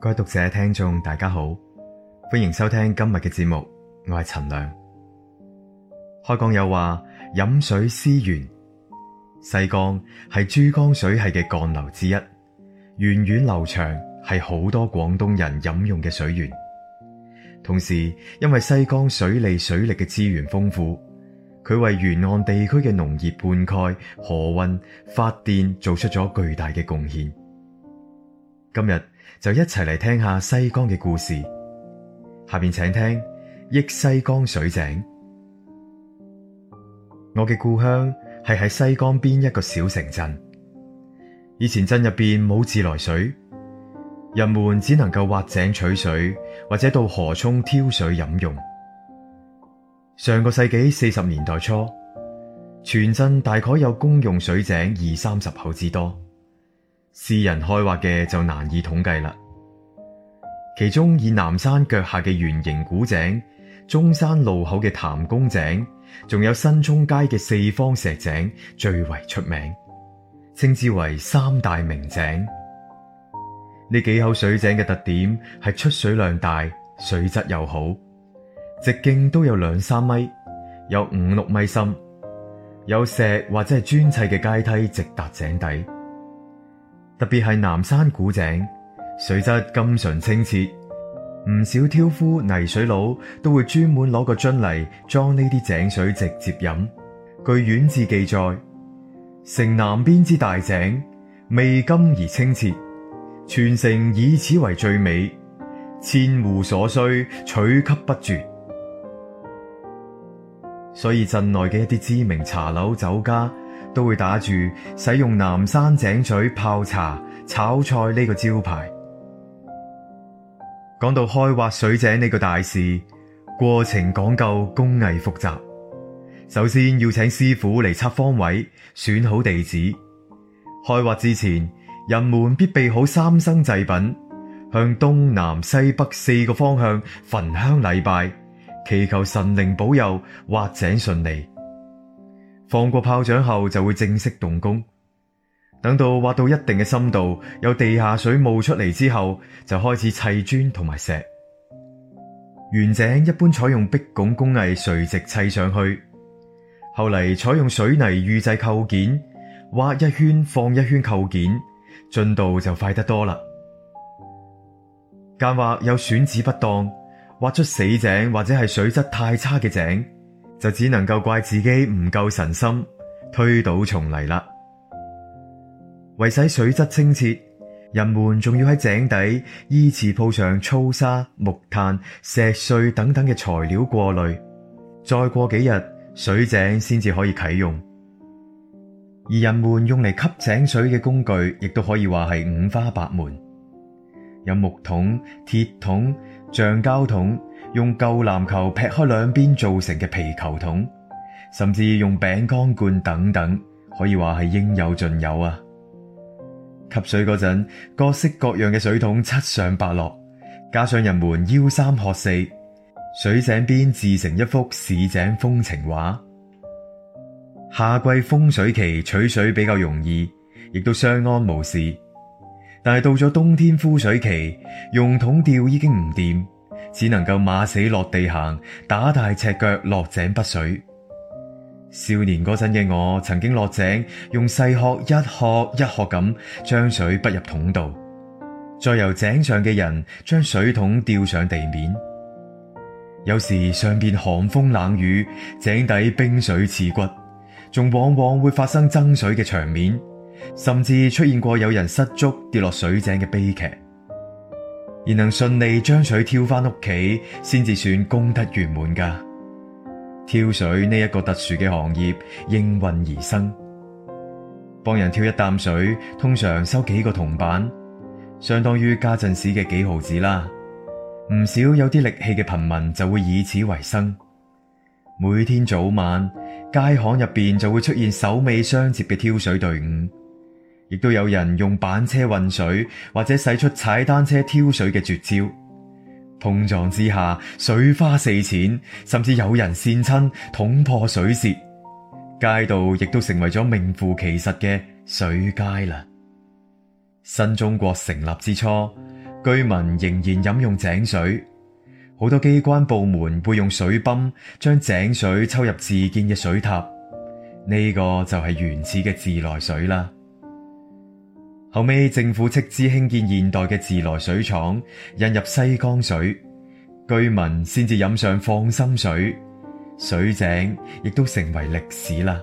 各位讀者、聽眾，大家好，歡迎收聽今日嘅節目，我係陳亮。開講有話，飲水思源，西江係珠江水系嘅幹流之一，源遠流長，係好多廣東人飲用嘅水源。同時，因為西江水利水力嘅資源豐富，佢為沿岸地區嘅農業灌溉、河運、發電做出咗巨大嘅貢獻。今日，就一齊嚟聽下西江嘅故事。下面請聽憶西江水井。我嘅故鄉係喺西江邊一個小城鎮。以前鎮入邊冇自來水，人們只能夠挖井取水，或者到河涌挑水飲用。上個世紀四十年代初，全鎮大概有公用水井二三十口之多。私人開挖嘅就難以統計啦。其中以南山腳下嘅圓形古井、中山路口嘅譚公井，仲有新中街嘅四方石井最為出名，稱之為三大名井。呢幾口水井嘅特點係出水量大，水質又好，直徑都有兩三米，有五六米深，有石或者係磚砌嘅階梯直達井底。特別係南山古井，水質甘純清澈，唔少挑夫泥水佬都會專門攞個樽嚟裝呢啲井水直接飲。據縣志記載，城南邊之大井，味甘而清澈，全城以此為最美，千戶所需取給不絕。所以鎮內嘅一啲知名茶樓酒家。都會打住使用南山井水泡茶炒菜呢個招牌。講到開挖水井呢個大事，過程講究工藝複雜。首先要請師傅嚟測方位，選好地址。開挖之前，人們必備好三牲祭品，向東南西北四個方向焚香禮拜，祈求神靈保佑挖井順利。放過炮仗後就會正式動工，等到挖到一定嘅深度，有地下水冒出嚟之後，就開始砌磚同埋石。圓井一般採用壁拱工藝垂直砌上去，後嚟採用水泥預製構件，挖一圈放一圈構件，進度就快得多啦。間或有選址不當，挖出死井或者係水質太差嘅井。就只能夠怪自己唔夠神心，推倒重嚟啦。為使水質清澈，人們仲要喺井底依次鋪上粗砂、木炭、石碎等等嘅材料過濾。再過幾日，水井先至可以啟用。而人們用嚟吸井水嘅工具，亦都可以話係五花八門，有木桶、鐵桶、橡膠桶。用舊籃球劈開兩邊做成嘅皮球桶，甚至用餅乾罐等等，可以話係應有盡有啊！汲水嗰陣，各式各樣嘅水桶七上八落，加上人們吆三喝四，水井邊自成一幅市井風情畫。夏季豐水期取水比較容易，亦都相安無事，但係到咗冬天枯水期，用桶吊已經唔掂。只能夠馬死落地行，打大赤腳落井不水。少年嗰陣嘅我，曾經落井，用細殼一殼一殼咁將水不入桶度，再由井上嘅人將水桶吊上地面。有時上邊寒風冷雨，井底冰水刺骨，仲往往會發生爭水嘅場面，甚至出現過有人失足跌落水井嘅悲劇。而能順利將水挑翻屋企，先至算功德圓滿噶。挑水呢一個特殊嘅行業應運而生，幫人挑一擔水通常收幾個銅板，相當於家陣時嘅幾毫子啦。唔少有啲力氣嘅貧民就會以此為生，每天早晚街巷入邊就會出現首尾相接嘅挑水隊伍。亦都有人用板車運水，或者使出踩單車挑水嘅絕招。碰撞之下，水花四濺，甚至有人跣親捅破水舌。街道亦都成為咗名副其實嘅水街啦。新中國成立之初，居民仍然飲用井水，好多機關部門會用水泵將井水抽入自建嘅水塔，呢個就係原始嘅自來水啦。後尾政府斥資興建現代嘅自來水廠，引入西江水，居民先至飲上放心水，水井亦都成為歷史啦。